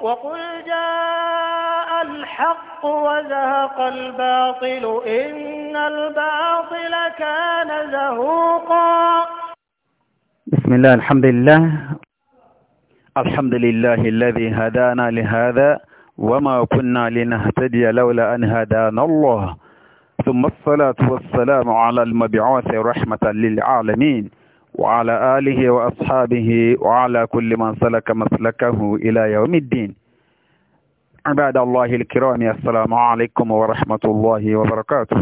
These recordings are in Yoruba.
وقل جاء الحق وزهق الباطل إن الباطل كان زهوقا بسم الله الحمد لله الحمد لله الذي هدانا لهذا وما كنا لنهتدي لولا أن هدانا الله ثم الصلاة والسلام على المبعوث رحمة للعالمين وعلى آله وأصحابه وعلى كل من سلك مسلكه إلى يوم الدين عباد الله الكرام السلام عليكم ورحمة الله وبركاته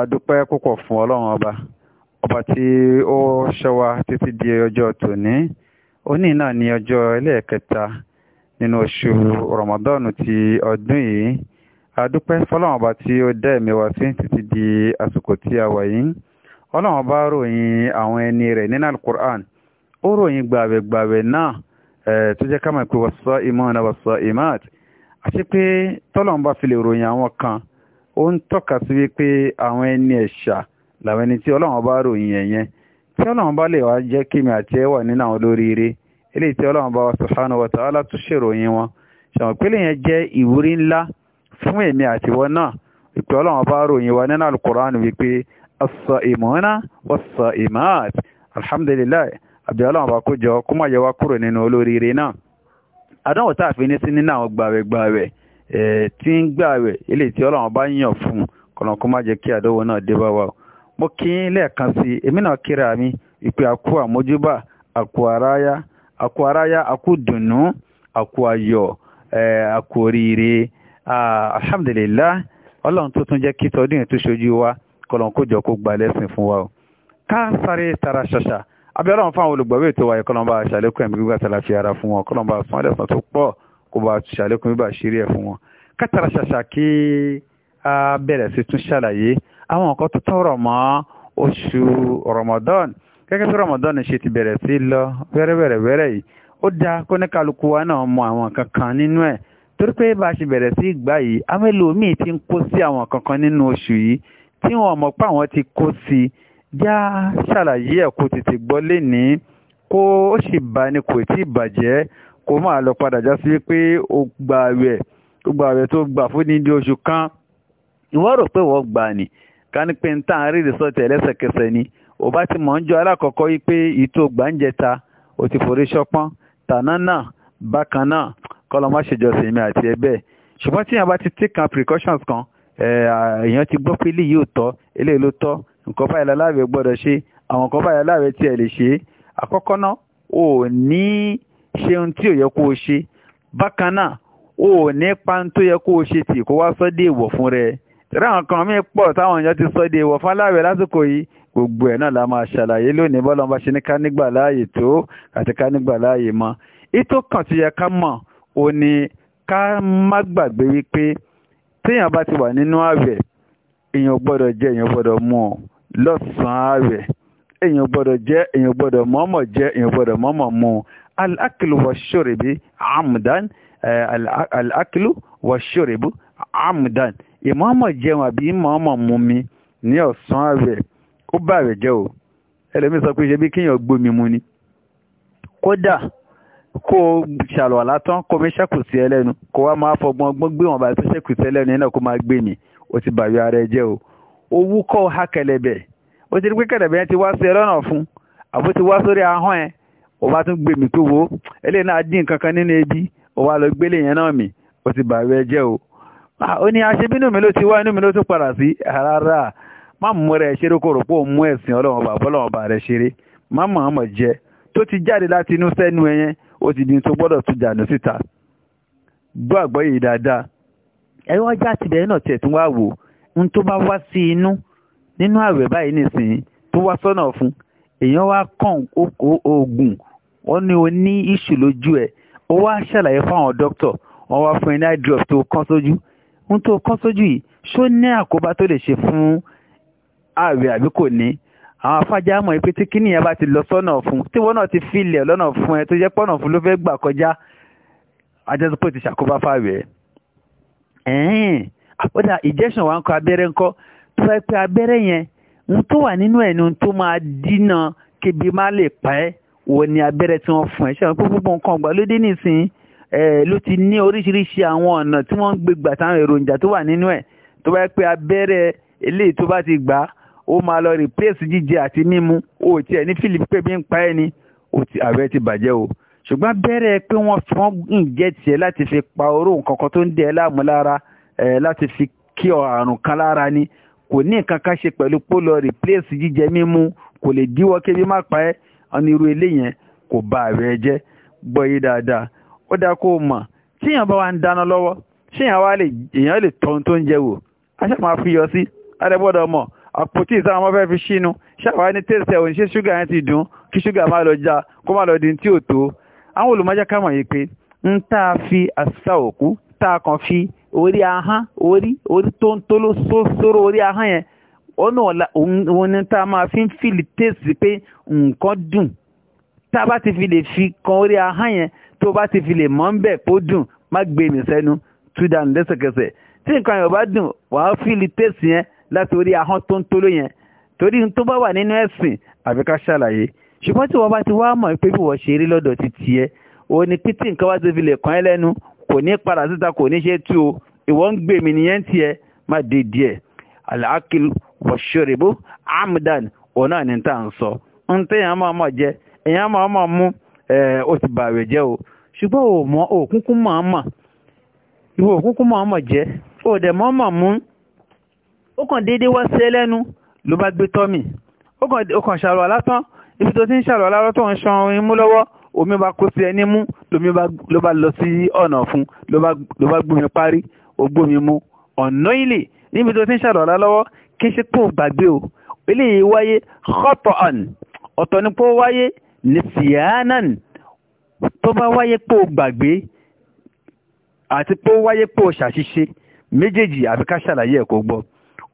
adúpẹ́ púpọ̀ fún ọlọ́run ọba ọba tí ó ṣọwa títí di ọjọ́ tòní òní náà ni ọjọ́ ẹlẹ́ẹ̀kẹta nínú oṣù rọmọdọ́ọ̀nù ti ọdún yìí adúpẹ́ fọlọ́run ọba tí ó dá ẹ̀mí wa sí títí di àsìkò tí a wà yìí ọlọ́run bá ròyìn àwọn ẹni rẹ̀ nínú alukur'an ó ròyìn gbàwẹ̀gbàwẹ̀ náà tó jẹ́ ká mọ̀ pé wọ́sọ ìmọ̀ náà wọ́sọ ìmáàt àti pé tọ́lọ́run bá fi lè ròyìn àwọn kan ó ń tọ́ka sí wípé àwọn ẹni ẹ̀ṣà làwọn ẹni tí ọlọ́run bá ròyìn ẹ̀yẹn tí ọlọ́run bá lè wá jẹ́ kí mi àti ẹ wà nínú àwọn olóríire eléyìí tí ọlọ́run bá wa subhanahu wa ta'ala tún ṣèròyìn wọn ṣàwọn ìpínlẹ̀ yẹn jẹ́ ìwúrí ńlá fún èmi àtiwọ́ náà ìpè ọlọ́run bá ròyìn wa nínú alukur'an wípé as-sa'imuna was-sa'imat alhamdulillah abdullah jọ kó má yẹ wá kúrò nínú olóríire náà adánwò tá a fi ní sí nínú àwọn gbàwẹ̀ gbàwẹ̀ tí ń gbàwẹ̀ ilé tí ọlọ́run bá yàn fún kọ̀nà kó má jẹ́ kí àdánwò náà dé bá wa o mo kí n lẹ́ẹ̀kan sí èmi náà kíra mi ìpè àkú àmójúbà àkú aráyá àkú aráyá àkú àkú ayọ̀ àkú oríire ah, wa. kọlọ̀n kó jọ kó gba lẹ́sìn fún wa o ká sáré tara ṣàṣà abẹ́rẹ́ wọn fáwọn olùgbọ̀wé ètò wa kọlọ̀n bá ṣàlékún ẹ̀mí gbígbà tàlà fi ara fún wọn kọlọ̀n bá sún ẹlẹ́sàn tó pọ̀ kó bá ṣàlékún bíbà ṣírí ẹ̀ fún wọn ká tara kí a bẹ̀rẹ̀ sí tún ṣàlàyé àwọn nǹkan tó tọrọ mọ́ oṣù Ramadan gẹ́gẹ́ bí Ramadan ṣe ti bẹ̀rẹ̀ sí lọ wẹ́rẹ́wẹ́rẹ́wẹ́rẹ́ yìí ó dáa kó ní kálukú wa náà mọ àwọn kankan nínú ẹ̀ torí pé bá a ṣe bẹ̀rẹ̀ sí ìgbà yìí amẹ́lòmíì ti ń kó sí àwọn kankan nínú oṣù yìí tí wọ́n mọ̀ pé àwọn ti kó sí i já ṣàlàyé ẹ̀ kó tètè gbọ́ lénìí kó o sì bá ní kò tí ì bàjẹ́ kó máa lọ padà já sí pé o gba àwẹ̀ o gba àwẹ̀ tó gbà fún ní oṣù kan ìwọ́n rò pé wọ́n gbà ní ká pé ń tàn án rí ìrìsọ́tẹ̀ lẹ́sẹ̀kẹsẹ̀ ni ò bá ti mọ̀ ń jọ alákọ̀ọ́kọ́ yìí pé ìtò gbàǹjẹta ò ti forí ṣọpọ́n tàná náà bákan náà kọ́lọ́ má ṣèjọsìn mi àti ẹ bẹ́ẹ̀ ṣùgbọ́n tíyàn bá ti take kan precautions kan èèyàn ti gbọ́ pé eléyìí ò tọ́ eléyìí ló tọ́ nǹkan báyìí láláàwẹ̀ gbọ́dọ̀ ṣe àwọn nǹkan báyìí láláàwẹ̀ tí ẹ lè ṣe àkọ́kọ́ náà ò ní ṣe ohun tí ò yẹ kó o ṣe bákan náà ò ní pa ohun tó yẹ kó o ṣe tì kó wá sọ dé ìwọ̀ fún rẹ tẹ̀lé àwọn kan míì pọ̀ táwọn èèyàn ti sọ dé ìwọ̀ fún aláàwẹ̀ lásìkò yìí gbogbo ẹ̀ náà la máa ṣàlàyé lónìí bọ́lá ọba ṣe ní ká nígbà láàyè tó àti ká nígbà láàyè mọ́ ètò ti yẹ ká mọ̀ ò ká má gbàgbé wípé téèyàn bá ti wà nínú ààwẹ̀ èèyàn gbọ́dọ̀ jẹ èèyàn gbọ́dọ̀ mu ọ lọ́sàn-án ààwẹ̀ èèyàn gbọ́dọ̀ jẹ èèyàn gbọ́dọ̀ mọ̀ọ́mọ̀ jẹ èèyàn gbọ́dọ̀ mọ̀ọ́mọ̀ mu al-aklu wash-shurbi amdan eh, al-aklu wash-shurbu amdan ìmọ̀ọ́mọ̀ jẹun àbí ìmọ̀ọ́mọ̀ mu mi ní ọ̀sán ààwẹ̀ ó bá ààwẹ̀ jẹ́ o ẹlẹ́mi sọ pé ṣe bí kéèyàn gbómi mu ni kódà kó o ṣàlùwàlá tán kó o fi ṣẹ́kù sí ẹlẹ́nu kó wá máa fọgbọ́n gbọ́n gbé wọn bá tó ṣẹ́kù sí ẹlẹ́nu yẹn náà kó máa gbé mi ó ti bàbí ara ẹ jẹ́ o owó kọ́ ha kẹlẹ̀bẹ̀ ó ti rí pé kẹlẹ̀bẹ̀ yẹn ti wá sí ẹ lọ́nà fún àbó ti wá sórí ahọ́n ẹ ó bá tún gbé mi pé wo eléyìí náà dín nǹkan nínú ebi ó wá lọ gbélé yẹn náà mi ó ti bàbí ẹ jẹ́ o ó ní aṣebínú mi ló ti wá inú mi ló tún padà sí rárá má mú rẹ ṣeré kó rò pé òun mú ẹ̀sìn ọlọ́run bàbá ọlọ́run bàbá rẹ ó ti di tó gbọ́dọ̀ tún jàǹdù síta gbọ́ àgbọ́yé dáadáa ẹ̀rọ ọjà tìbẹ̀ náà tiẹ̀ tún wá wò ń tó bá wá sí inú nínú ààwẹ̀ báyìí nìsín tó wá sọ́nà fún èèyàn wá kàn oògùn wọ́n ní o ní ìṣù lójú ẹ̀ ó wá ṣàlàyé fáwọn dókítọ̀ wọ́n wá fún ẹ ní eye tó kán sójú ń tó kán sójú yìí ṣó ní àkóbá tó lè ṣe fún ààwẹ̀ àbí kò ní àwọn afájá mọ̀ pé tí kíníyàn bá ti lọ sọ́nà fún tí wọ́n náà ti filẹ̀ lọ́nà fún ẹ tó jẹ́ pọ́nà fún ló fẹ́ gbà kọjá ajẹ́sọ́pọ̀ ti ṣàkóbá fáwẹ̀ ẹ̀ẹ́n àpọ́dà ìjẹ́sùn wa ń kọ abẹ́rẹ́ ńkọ́ tó fẹ́ pé abẹ́rẹ́ yẹn ohun tó wà nínú ẹ̀ ni ohun tó máa dínà kébi má lè pa ẹ́ wọ ni abẹ́rẹ́ tí wọ́n fún ẹ ṣé àwọn púpọ̀ nǹkan ọ̀gbà ló dé nísìnyí ló ti ní oríṣiríṣi àwọn ọ̀nà tí wọ́n ń gbé gbà táwọn èròjà tó wà nínú ẹ̀ tó bá pé abẹ́rẹ́ eléyìí tó bá ti gbà á ó máa lọ replace jíjẹ àti mímu ó tiẹ̀ ní philip pé bí ń pa ẹ́ ni ààrẹ ti bàjẹ́ o ṣùgbọ́n bẹ́rẹ̀ pé wọ́n fi wọ́n ń jẹ́ tiẹ̀ láti fi pa oró nǹkan kan tó ń dẹ̀ láàmú lára ẹ̀ láti fi kí àrùn kan lára ni kò ní nǹkan ká ṣe pẹ̀lú pó lọ replace jíjẹ mímu kò lè díwọ́ kébí má pa ẹ́ onírú eléyẹn kò bà ààrẹ jẹ́ gbọ́ yé dáadáa ó dáa kó o mọ̀ tíyàn bá wa ń dáná lọ́wọ́ ṣéyàn wá lè èèyàn lè tọ́ ohun tó ń jẹ wò á ṣe máa fi yọ sí á lè gbọ́dọ̀ mọ̀ àpótí ìsára wọn fẹ́ fi ṣínú ṣàwá ní tẹ́sẹ̀ òun ṣe ṣúgà yẹn ti dùn kí ṣúgà má lọ já kó má lọ di tí ò tó àwọn olùmọ́já kàmọ̀ yìí pé ń tá a fi àṣà òkú tá a kàn fi orí ahán orí orí tó ń tó ló sóró orí ahán yẹn ọ̀nà òun ni tá a máa fi ń fìlì tẹ́sì pé nǹkan dùn tá a bá ti fi lè fi kan orí ahán yẹn tó bá ti fi lè mọ́ ń bẹ̀ kó dùn má gbé mi sẹ́nu tú dànù lẹ́sẹ̀kẹsẹ̀ tí nǹkan yẹn ò bá dùn wàá fìlì tẹ́sì yẹn orí ahọ́n tó ń tóló yẹn torí tó bá wà nínú ẹ̀sìn àbí ká ṣàlàyé ṣùgbọ́n tí wọ́n bá ti wá mọ̀ pé bí wọ́n ṣe rí lọ́dọ̀ ti tiẹ̀ o ní pítí nǹkan wá ti fi lè kàn ẹ́ lẹ́nu kò ní padà síta kò ní ṣe tú o ìwọ ń gbè mí nìyẹn tiẹ̀ má dé díẹ̀ aláàkìl wọ̀ṣọ́rẹ̀bó amdan òun náà ní tá à ń sọ ń tẹ́ èèyàn máa mọ̀ jẹ èèyàn máa mọ̀ mú ó ti jẹ́ o ṣùgbọ́n òkúnkún máa mọ̀ ìwọ òkúnkún máa mọ̀ jẹ́ mọ̀ mú ó kàn déédé wá sí ẹlẹ́nu ló bá gbé tọ́mì ó kàn ṣàrọ̀ alátán ibi tó ti ń ṣàrọ̀ alárọ̀ tó ń ṣan orin mú lọ́wọ́ omi bá kó sí ẹni mú ló bá lọ sí ọ̀nà fún ló bá gbómi parí ó gbómi mú ọ̀nà ilé níbi tó ti ń ṣàrọ̀ alá lọ́wọ́ kí ṣe kó gbàgbé o eléyìí wáyé khota'an ọ̀tọ̀ ni pé ó wáyé nisiyanan tó bá wáyé pé ó gbàgbé àti pé ó wáyé pé ó ṣàṣìṣe méjèèjì àfi ṣàlàyé ẹ̀kọ́ gbọ́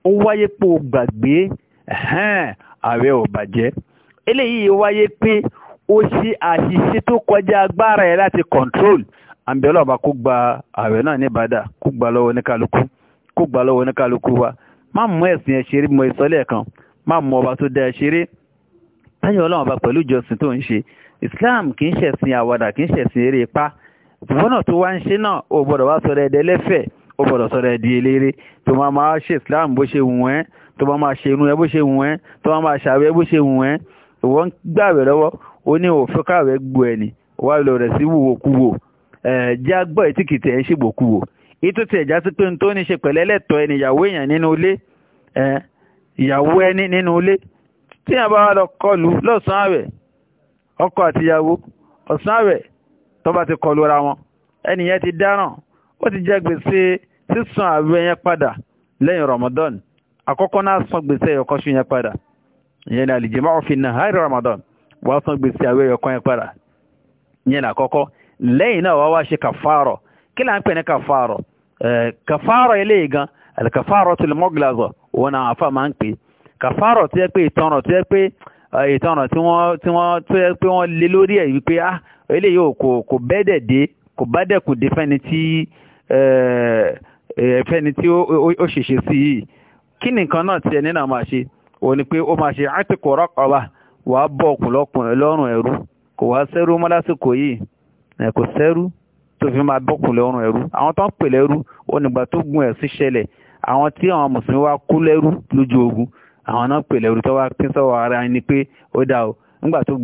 ó wáyé pé o gbàgbé ààrẹ ò bàjẹ́ eléyìí wáyé pé ó ṣe àṣìṣe tó kọjá agbára ẹ láti control àǹbẹ̀lọ́ ọba kó gba ààrẹ náà ní ìbàdà kó gbà lọ́wọ́ oníkálukú kó gbà lọ́wọ́ oníkálukú wa má mú ẹ̀sìn ẹ ṣeré mọ ìsọ́lẹ̀ kan má mú ọba tó dá ẹ táyọ̀ ọlọ́run pẹ̀lú ìjọsìn tó ń ṣe Islam kì í ṣẹ̀sìn àwàdà kì í ṣẹ̀sìn eré ipá ìfọ́nà tó wá ń ṣe náà ò gbọ́dọ̀ wá sọ̀rọ̀ ẹ̀dẹ́lẹ́fẹ̀ẹ́ ó gbọ́dọ̀ sọ̀rọ̀ ẹ̀ di eléré tó máa máa ṣe islam bó ṣe wù ẹ́ tó máa máa ṣe inú ẹ bó ṣe wù ẹ́ tó máa máa ṣàwẹ́ bó ṣe wù ẹ́ ìwọ ń gbàwẹ̀ lọ́wọ́ ó ní òfin káwẹ́ gbu ẹ̀ ní wà lọ rẹ̀ sí wò kú wò ẹ̀ jẹ́ agbọ́ ẹ̀ tí kì í ṣègbò kú wò ètò sí pé tó ní ṣe pẹ̀lẹ́ lẹ́tọ̀ọ́ ẹni ẹ̀ ẹni nínú ti dáràn ó ti jẹ gbèsè sísan àwẹ̀ yẹn padà lẹ́yìn Ramadan àkọ́kọ́ náà san gbèsè ẹ̀yọkọ́ṣù yẹn padà ìyẹn ni al-jima'u fi nahari Ramadan wàá san gbèsè àwẹ̀ ẹ̀yọkọ́ yẹn padà ìyẹn ni àkọ́kọ́ lẹ́yìn náà wàá wá ṣe kàfàrọ̀ kí là ń pè ní kàfàrọ̀ kàfàrọ̀ eléyìí gan al-kafaratul mughlaza wọn náà àfa máa ń pè kàfàrọ̀ tó yẹ pé ìtanràn tó yẹ pé ìtanràn tí wọ́n tí wọ́n tó yẹ pé wọ́n lé lórí ẹ̀ wípé ah eléyìí kò kò bẹ́ẹ̀ dẹ̀ dé kò bá dẹ̀ kò dé fẹ́ni tí ẹ̀fẹ́ni eh, eh, tí ó ṣèṣe sí yìí kí nìkan náà tiẹ̀ nínú àmà ṣe ò ní pé ó máa ṣe àtìkù rọ́kọ̀ọ́bà wà á bọ̀ ọ̀kùnlọ́kùnrin lọ́rùn ẹ̀rú kò wá sẹ́rú mọ́ lásìkò yìí kò sẹ́rú tó fi máa bọ́kùnlẹ̀ ọrùn ẹ̀rú àwọn tó ń pè lẹ́rú ó ẹ̀ sí ṣẹlẹ̀ àwọn tí àwọn mùsùlùmí wá kú lẹ́rú lójú ogun àwọn náà àwọn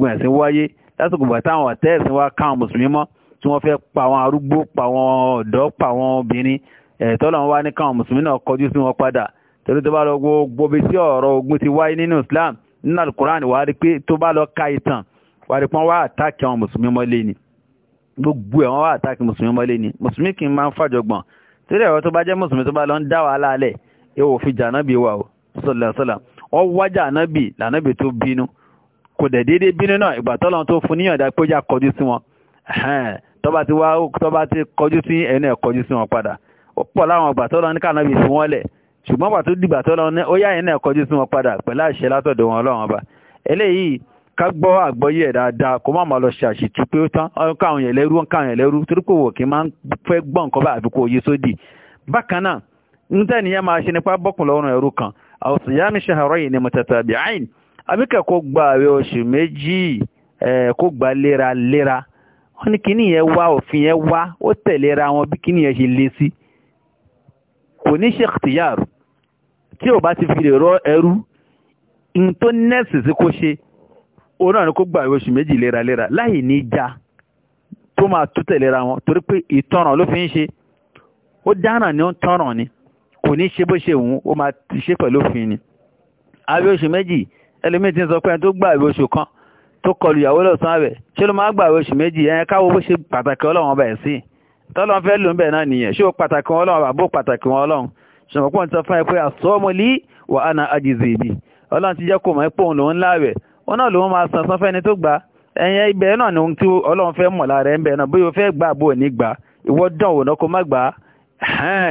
wá káwọn mùsùlùmí mọ́ tí wọ́n fẹ́ pa àwọn arúgbó pa àwọn ọ̀dọ́ pa àwọn obìnrin ẹ̀tọ́lọ́run wá ní káwọn mùsùlùmí náà kọjú sí wọn padà torí tó bá lọ gbogbo bí sí ọ̀rọ̀ ogun ti wáyé nínú Islam nínú alukurani wàá rí pé tó bá lọ ka ìtàn wàá rí pé wá àtàkì àwọn mùsùlùmí mọ́lé ni gbogbo ẹ̀ wọ́n wá àtàkì mùsùlùmí mọ́lé ni mùsùlùmí kì í máa ń fàjọgbọ̀n torí ẹ̀rọ tó bá jẹ́ mùsùlùmí tó bá lọ ń dá wàhálà alẹ̀ ẹ wò fi jànábì wà o sọlọ́sọlọ́ wọ́n wájà ànábì lànábì tó bínú kò dẹ̀ déédéé bínú náà ìgbà tọ́lọ́run tó fún níyànjá pé ó yà kọjú tọ́ba ti wá tọ́ba ti kọjú sí ẹni ẹ̀ kọjú sí wọn padà ó pọ̀ láwọn ọgbà tọ́lọ́ ní kànáàbì fi wọ́n lẹ̀ ṣùgbọ́n pàtó dìgbà tọ́lọ́ ní ó yá ẹni ẹ̀ kọjú sí wọn padà pẹ̀lú àṣẹ látọ̀dọ̀ wọn ọlọ́run ọba eléyìí ká gbọ́ àgbọ́yé ẹ̀ dáadáa kó má máa lọ ṣe àṣìtú pé ó tán káwọn yẹn lẹ́rú káwọn yẹn lẹ́rú torí pé òkè máa ń fẹ́ gbọ́ nǹkan bá àfikún òye sódì bákan náà ń tẹ́ nìyẹn máa ṣe nípa bọ́kùn lọ́rùn ẹ̀rú kan àwọn sìyámi ṣahàrọ́yìn ni mutatabi'ain àbíkẹ́ kó gba àwẹ̀ oṣù méjì kó gba léraléra wọ́n ní kíní yẹn wá òfin yẹn wá ó tẹ̀lera wọn bí kíní yẹn ṣe le sí kò ní ṣe ìtìyàrú tí ò bá ti fi lè rọ ẹrú n tó nẹ́ẹ̀sì sí kó ṣe òun náà ni kó gbàwé oṣù méjì léraléra láì ní já tó máa tú tẹ̀lera wọn torí pé ìtanràn ló fi ń ṣe ó dáràn ni ó ń tanràn ni kò ní ṣe bó ṣe wù ó máa ti ṣe pẹ̀lú òfin ni àwẹ̀ oṣù méjì ẹlòmíì ti ń sọ pé ẹni tó gbàwé oṣù kan tó kọlu ìyàwó lọ́sàn-án àwẹ̀ ṣé ló máa gbàwé oṣù méjì ẹ̀yẹn káwọ́ bó ṣe pàtàkì ọlọ́run ọba ẹ̀ sí tọ́lọ́n fẹ́ lò ń bẹ̀ náà nìyẹn ṣé o pàtàkì wọn ọlọ́run àbó pàtàkì wọn ọlọ́run ṣùgbọ́n pọ́n ti sọ fún ẹ pé àsọ́mọlí wà á na àjèjì ìbí ọlọ́run ti jẹ́ kó mọ̀ ẹ́ pòun lòun láàwẹ̀ wọn náà lòun máa san sanfẹ́ni tó gbà ẹ̀yẹn ibẹ̀ náà ni ohun tí ọlọ́run fẹ́ mọ̀ lára ẹ̀ ń bẹ̀ náà bóyá o fẹ́ gbà bó o ní gbà ìwọ dán òun náà kó má gbà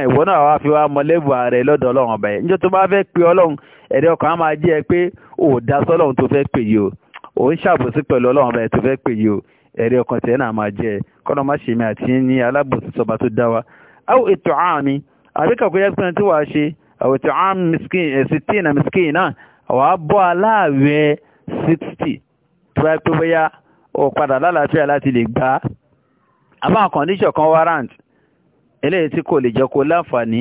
ìwọ náà wàá fi wá mọ̀lẹ́bù ààrẹ lọ́dọ̀ ọlọ́run ọba yẹn níjọ́ tó bá fẹ́ pe ọlọ́run ẹ̀rẹ́ ọkàn á máa ò ń ṣàbòsí pẹ̀lú ọlọ́run ọba ẹ̀ tó fẹ́ pè yìí o ẹ̀rí ọkàn tẹ̀ náà máa jẹ́ ẹ kọ́nà má ṣèmi àti ní alábòsí sọba tó dá wa. àwọn ètò àmì àbíkàkọ́ yẹ pé tí wàá ṣe àwọn ètò àmì sixteen and sixteen náà wàá bọ́ aláàwẹ̀ sixty tó bá pé bóyá ò padà lálàáfíà láti lè gbà á. àmọ́ àkàndíṣọ̀ kan warrant eléyìí tí kò lè jẹ́ kó láǹfààní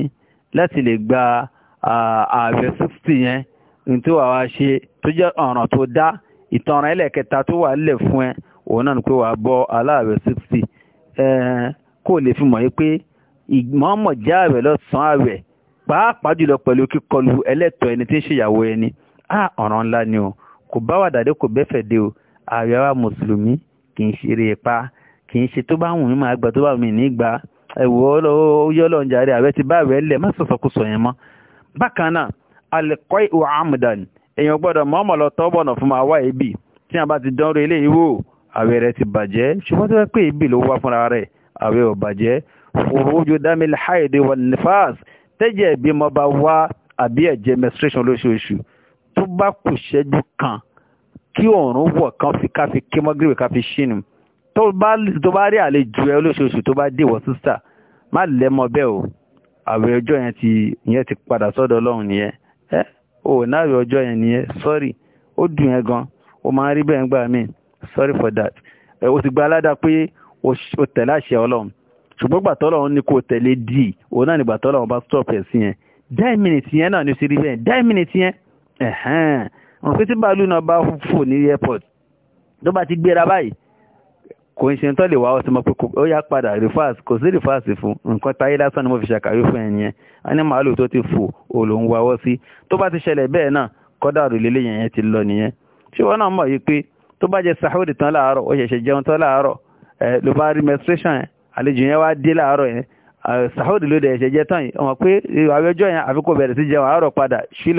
láti lè gba ah, ààwẹ̀ sixty yẹn ní tí wàá ṣe tó jẹ́ ọ̀ràn tó dá ìtanràn ẹlẹ́kẹta tó wà lẹ̀ fún ẹ òun náà ni pé wàá bọ́ aláàwẹ̀ sixty kó o lè fi mọ̀ yí pé ìmọ̀ọ́mọ̀ já àwẹ̀ lọ́sàn-án àwẹ̀ pàápàá jùlọ pẹ̀lú kíkọlù ẹlẹ́tọ̀ ẹni tí ń ṣèyàwó ẹni á ọ̀ràn ńlá ni o kò bá wà dàdé kò bẹ́fẹ̀ dé o àwẹ̀ wa mùsùlùmí kì í ṣeré pa kì í ṣe tó bá wùn mí máa gbà tó bá wùn ní gbà ẹ̀wọ̀ yọ́lọ̀ ń èèyàn gbọ́dọ̀ mọ́mọ́ lọ tọ́ bọ̀nà fún máa wá èébì tí a bá ti dánrò eléyìí wò àwẹ̀ rẹ̀ ti bàjẹ́ ṣùgbọ́n tó fẹ́ pé èébì ló wá fúnra rẹ̀ àwẹ̀ ò bàjẹ́ fòròjò dámìlì haidi wà nífàs tẹ́jẹ̀ ìbímọ bá wá àbí ẹ̀jẹ̀ menstruation lóṣooṣù tó bá kù ṣẹ́jú kan kí òòrùn wọ̀ kan fi ká fi kí mọ́gírìwì ká ṣínú tó bá rí àlejò ẹ lóṣooṣù tó bá dé ìwọ sísà má lẹ́mọ bẹ́ẹ̀ o àwẹ̀ ọjọ́ yẹn ti padà sọ́dọ̀ ọlọ́run nìyẹn o náà rí ọjọ́ yẹn nìyẹn sorry ó dùn yẹn gan o máa ń rí bẹ́ẹ̀ nígbà míì sorry for that ẹ o ti gba aládàá pé o tẹ̀lé àṣẹ ọlọ́run ṣùgbọ́n gbà tọ́lọ́run ní kó o tẹ̀lé d òun náà nígbà tọ́lọ́run bá stop ẹ̀ sí yẹn ten minutes yẹn náà ni o ti rí bẹ́ẹ̀ ten minutes yẹn ẹ̀hẹ́n òun pé tí bàálù náà bá fò ní airport tó bá ti gbéra báyìí kò ń ṣe tó lè wá ọ sí mọ pé ó yá padà rìfáàs kò sí rìfáàs fún nǹkan táyé lásán ni mo fi ṣàkàwé fún ẹ̀yẹn a ní màálù tó ti fò ò ló ń wáwọ́ sí tó bá ti ṣẹlẹ̀ bẹ́ẹ̀ náà kọ́dà òrùlé lẹ́yìn ẹ̀yẹn ti lọ nìyẹn ṣé wọn náà mọ̀ yìí pé tó bá jẹ sàhóòdì tán láàárọ̀ ó ṣẹ̀ṣẹ̀ jẹun tán láàárọ̀ ẹ̀ ló bá rí menstruation yẹn àlejò yẹn wá dé láàárọ̀ yẹn sàhóòdì ló dẹ̀ ẹ̀ṣẹ̀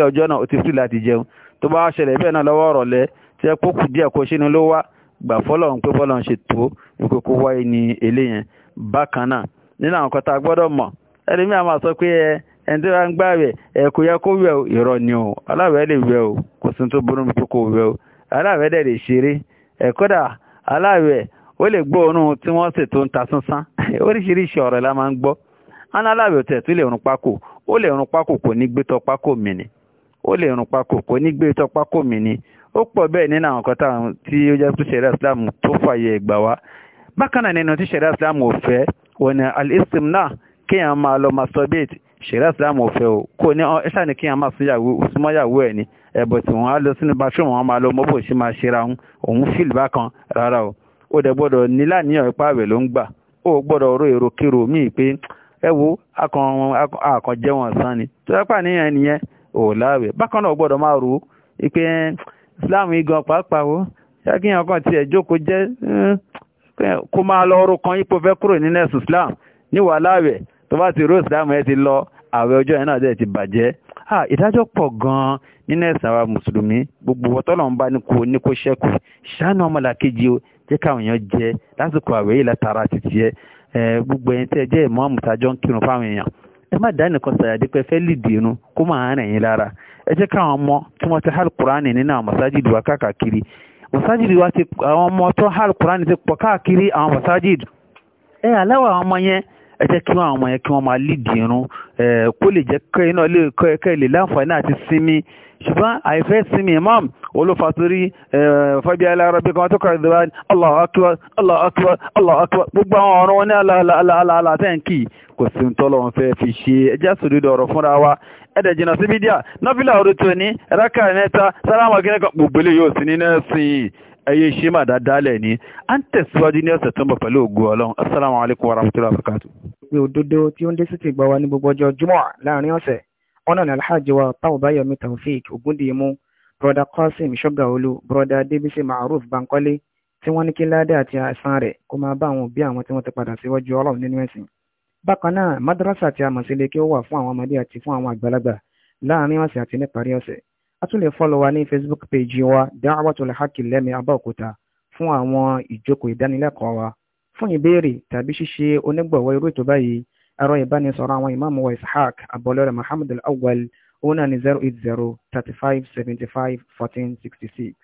jẹ tó bá ṣẹlẹ̀ bẹ́ẹ̀ náà lọ́wọ́ ọ̀rọ̀ lẹ tí ẹ kó kù díẹ̀ kó sínú ló wá gbà fọ́lọ́run pé fọ́lọ́run ṣe tó wípé kó wáyé ní eléyẹn bákan náà nínú àwọn kan tá a gbọ́dọ̀ mọ̀ ẹlẹ́mìí àwọn àsọ pé ẹ ẹni tí wọ́n ń gbà wẹ̀ ẹ kò yẹ kó wẹ̀ o irọ́ ni o aláwẹ̀ lè wẹ̀ o kò sí tó burú mi pé kò wẹ̀ o aláwẹ̀ dẹ̀ lè ṣeré ẹ kódà aláwẹ̀ ó lè gbọ́ òórùn tí wọ́n sì tó ń ta sánsán oríṣiríṣi ọ̀rọ̀ la máa ń gbọ́ aláwẹ̀ tẹ̀ tó lè rún pákó ó lè rún pákó kò ní gbé tọ pákó mìíràn ó lè rún pákó kò ní gbé tọ́ pákó mi ni ó pọ̀ bẹ́ẹ̀ nínú àwọn kan táwọn tí ó jẹ́ pé ṣẹ̀dá islam tó fàyè ìgbà wá bákan náà nínú tí ṣẹ̀dá islam ò fẹ́ òun ni al-istimna kéèyàn máa lọ masturbate ṣẹ̀dá islam ò fẹ́ o kò ní ọ ṣáà ni kéèyàn máa súnmọ́yàwó ẹ̀ ni ẹ̀bọ̀ tí wọ́n á lọ sínú bathroom wọn máa lọ mọ́bò sí máa ṣera òun òun fíìlì bákan rárá o ó dẹ̀ gbọ́dọ̀ níláníyàn ipá ni tó ò láwẹ̀ bákan náà gbọ́dọ̀ máa rò ó islam igan pàápàá o ṣé kí èèyàn kan tiẹ̀ jókòó jẹ́ kó máa lọ ọrọ̀ kan ipò fẹ́ kúrò nínú ẹ̀sùn islam níwàá láwẹ̀ tó bá ti ró islam ẹ ti lọ àwẹ̀ ọjọ́ yẹn náà dẹ̀ ti bàjẹ́ ìdájọ́ pọ̀ gan-an nínú ẹ̀sìn àwa mùsùlùmí gbogbo ọ̀tọ́lọ̀ ń bá ní kó ní kó ṣẹ́kù ṣáánù ọmọlàkejì o jẹ́ káwọn èèyàn jẹ lásìkò àwẹ̀ yìí látara títí ẹ gbogbo ẹ̀yin tẹ́ ẹ jẹ́ ìmọ̀ọ́mù tájọ́ ń kírun fáwọn èèyàn ẹ má dá nìkan sàyàdí pé fẹ́ lìdì irun kó máa rìn yín lára ẹ jẹ́ káwọn ọmọ tí wọ́n ti hàl kúránì nínú àwọn masajid wa káàkiri masajid wa ti àwọn ọmọ tó hàl kúránì ti pọ̀ káàkiri àwọn masajid ẹ aláwọ̀ àwọn ọmọ yẹn ẹ jẹ́ kí wọ́n àwọn yẹn kí wọ́n máa lìdì irun kó lè jẹ́ kẹ́ iná lè kọ́ ẹ̀kẹ́ lè láǹfààní àti sinmi ṣùgbọ́n àìfẹ́ sinmi imam olùfàtórí fàbí aláàrọ̀bí kan tó kọ̀rọ̀ ìdíwá Allahu akbar Allahu akbar Allahu akbar gbogbo àwọn ọ̀rọ̀ wọn ní aláàlá tẹ́ǹkì kò sí ń tọ́lọ̀ fẹ́ fi ṣe ẹjẹ́ sòdúdọ̀ ọ̀rọ̀ fúnra wa ẹ̀dẹ̀ jìnà sí bídíà nọ́fílà orí tó ní rákà mẹ́ta sálámà gẹ́gẹ́ gbogbo ilé yóò sí nínú ẹ̀sìn ẹyẹ ṣe mà dáadáa lẹ̀ ní à ń tẹ̀síwájú ní ọ̀sẹ̀ tó ń bọ̀ broda Qasim Ṣọ́gàolú broda Débísí Maruf Bankole tí wọ́n ní kí ládé àti àìsàn rẹ̀ kó máa bá àwọn òbí àwọn tí wọ́n ti padà síwájú Ọlọ́run nínú ẹ̀sìn. bákan náà madrasa àti amọ̀sílẹ̀ kí ó wà fún àwọn ọmọdé àti fún àwọn àgbàlagbà láàrin ọ̀sẹ̀ àti níparí ọ̀sẹ̀. a tún lè fọ́lọ̀ wa ní Facebook page wa Da'watul Haqi lẹ́mí Abẹ́òkúta fún àwọn ìjókòó ìdánilẹ́kọ̀ọ́ wa fún ìbéèrè tàbí ṣíṣe onígbọ̀wọ́ irú ètò báyìí ẹ̀rọ ìbánisọ̀rọ̀ àwọn ìmáàmù wa Ishaq abọ́lẹ́rẹ̀ Muhammad al-Awwal 0244 òun náà ni zero eight zero thirty five seventy five fourteen sixty six.